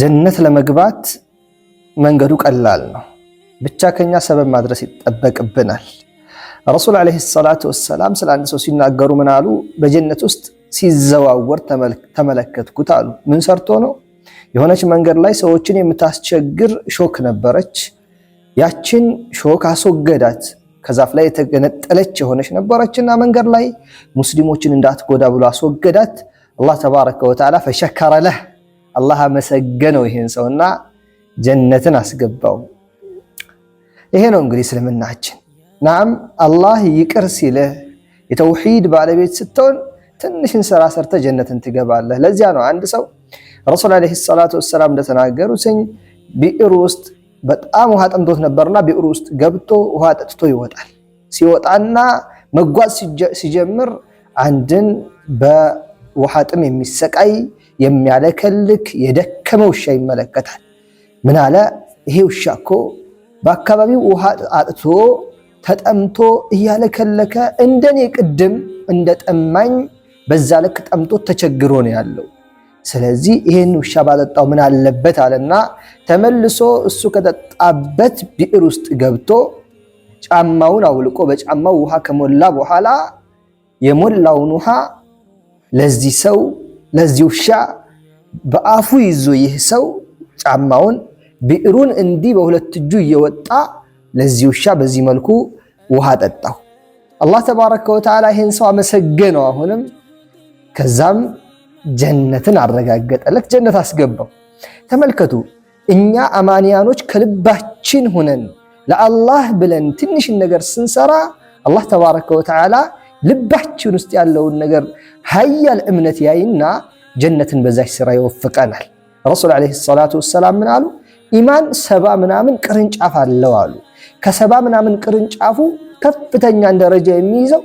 ጀነት ለመግባት መንገዱ ቀላል ነው። ብቻ ከኛ ሰበብ ማድረስ ይጠበቅብናል። ረሱል ዓለይሂ ሰላቱ ወሰላም ስለ አንድ ሰው ሲናገሩ ምን አሉ? በጀነት ውስጥ ሲዘዋወር ተመለከትኩት አሉ። ምን ሰርቶ ነው? የሆነች መንገድ ላይ ሰዎችን የምታስቸግር ሾክ ነበረች። ያችን ሾክ አስወገዳት። ከዛፍ ላይ የተገነጠለች የሆነች ነበረችና መንገድ ላይ ሙስሊሞችን እንዳትጎዳ ብሎ አስወገዳት። አላህ ተባረከ ወተዓላ ፈሸከረ ለህ አላህ አመሰገነው ይሄን ሰውና ጀነትን አስገባው። ይሄ ነው እንግዲህ እስልምናችን። ናም አላህ ይቅር ሲልህ የተውሂድ ባለቤት ስትሆን ትንሽን ስራ ሰርተ ጀነትን ትገባለህ። ለዚያ ነው አንድ ሰው ረሱል ዓለይሂ ሰላቱ ወሰላም እንደተናገሩትኝ ቢዕር ውስጥ በጣም ውሃ ጠምቶት ነበርና ቢዕር ውስጥ ገብቶ ውሃ ጠጥቶ ይወጣል። ሲወጣና መጓዝ ሲጀምር አንድን በውሃ ጥም የሚሰቃይ የሚያለከልክ የደከመ ውሻ ይመለከታል። ምን አለ ይሄ ውሻ እኮ በአካባቢው ውሃ አጥቶ ተጠምቶ እያለከለከ እንደኔ ቅድም እንደ ጠማኝ በዛ ልክ ጠምቶ ተቸግሮ ነው ያለው። ስለዚህ ይህን ውሻ ባጠጣው ምን አለበት አለና ተመልሶ እሱ ከጠጣበት ብዕር ውስጥ ገብቶ ጫማውን አውልቆ በጫማው ውሃ ከሞላ በኋላ የሞላውን ውሃ ለዚህ ሰው ለዚህ ውሻ በአፉ ይዞ ይህ ሰው ጫማውን ብዕሩን እንዲህ በሁለት እጁ እየወጣ ለዚህ ውሻ በዚህ መልኩ ውሃ ጠጣሁ። አላህ ተባረከ ወተዓላ ይህን ሰው አመሰገነው። አሁንም ከዛም ጀነትን አረጋገጠለት፣ ጀነት አስገባው። ተመልከቱ እኛ አማንያኖች ከልባችን ሁነን ለአላህ ብለን ትንሽን ነገር ስንሰራ አላህ ተባረከ ወተዓላ ልባችን ውስጥ ያለውን ነገር ሀያል እምነት ያይና ጀነትን በዛች ስራ ይወፍቀናል። ረሱል ዓለይሂ ሰላቱ ወሰላም ምን አሉ? ኢማን ሰባ ምናምን ቅርንጫፍ አለው አሉ። ከሰባ ምናምን ቅርንጫፉ ከፍተኛን ደረጃ የሚይዘው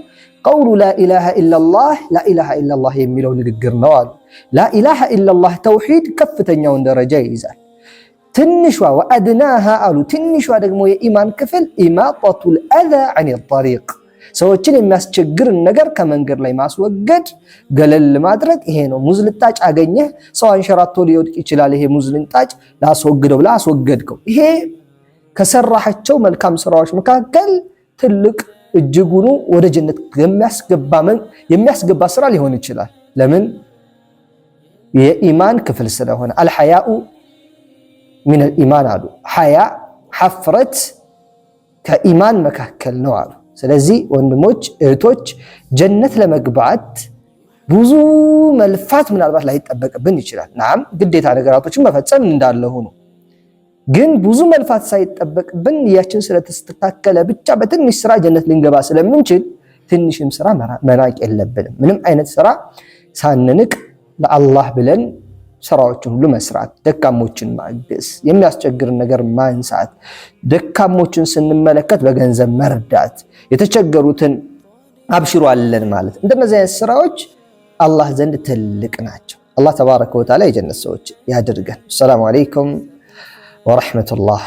ቀውሉ ላኢላሃ ኢለላህ ላኢላሃ ኢለላህ የሚለው ንግግር ነው አሉ። ላኢላሃ ኢለላህ ተውሂድ ከፍተኛውን ደረጃ ይይዛል። ትንሿ ወአድናሃ አሉ። ትንሿ ደግሞ የኢማን ክፍል ኢማጠቱል አዛ ዐኒ ጠሪቅ ሰዎችን የሚያስቸግርን ነገር ከመንገድ ላይ ማስወገድ፣ ገለል ማድረግ ይሄ ነው። ሙዝ ልጣጭ አገኘህ፣ ሰው አንሸራቶ ሊወድቅ ይችላል። ይሄ ሙዝ ልጣጭ ላስወግደው ብለህ አስወገድከው። ይሄ ከሰራሃቸው መልካም ስራዎች መካከል ትልቅ እጅጉኑ ወደ ጀነት የሚያስገባ ስራ ሊሆን ይችላል። ለምን? የኢማን ክፍል ስለሆነ። አልሐያኡ ሚነል ኢማን አሉ። ሐያ ሐፍረት ከኢማን መካከል ነው አሉ። ስለዚህ ወንድሞች እህቶች፣ ጀነት ለመግባት ብዙ መልፋት ምናልባት ላይጠበቅብን ይችላል። ናም ግዴታ ነገራቶችን መፈጸም እንዳለ ሆኖ ግን ብዙ መልፋት ሳይጠበቅብን ያችን ስለተስተካከለ ብቻ በትንሽ ስራ ጀነት ልንገባ ስለምንችል ትንሽም ስራ መናቅ የለብንም። ምንም አይነት ስራ ሳንንቅ ለአላህ ብለን ስራዎችን ሁሉ መስራት፣ ደካሞችን ማገዝ፣ የሚያስቸግር ነገር ማንሳት፣ ደካሞችን ስንመለከት በገንዘብ መርዳት፣ የተቸገሩትን አብሽሮ አለን ማለት እንደነዚህ አይነት ስራዎች አላህ ዘንድ ትልቅ ናቸው። አላህ ተባረከ ወተዓላ የጀነት ሰዎች ያድርገን። አሰላሙ አለይኩም ወረሕመቱላህ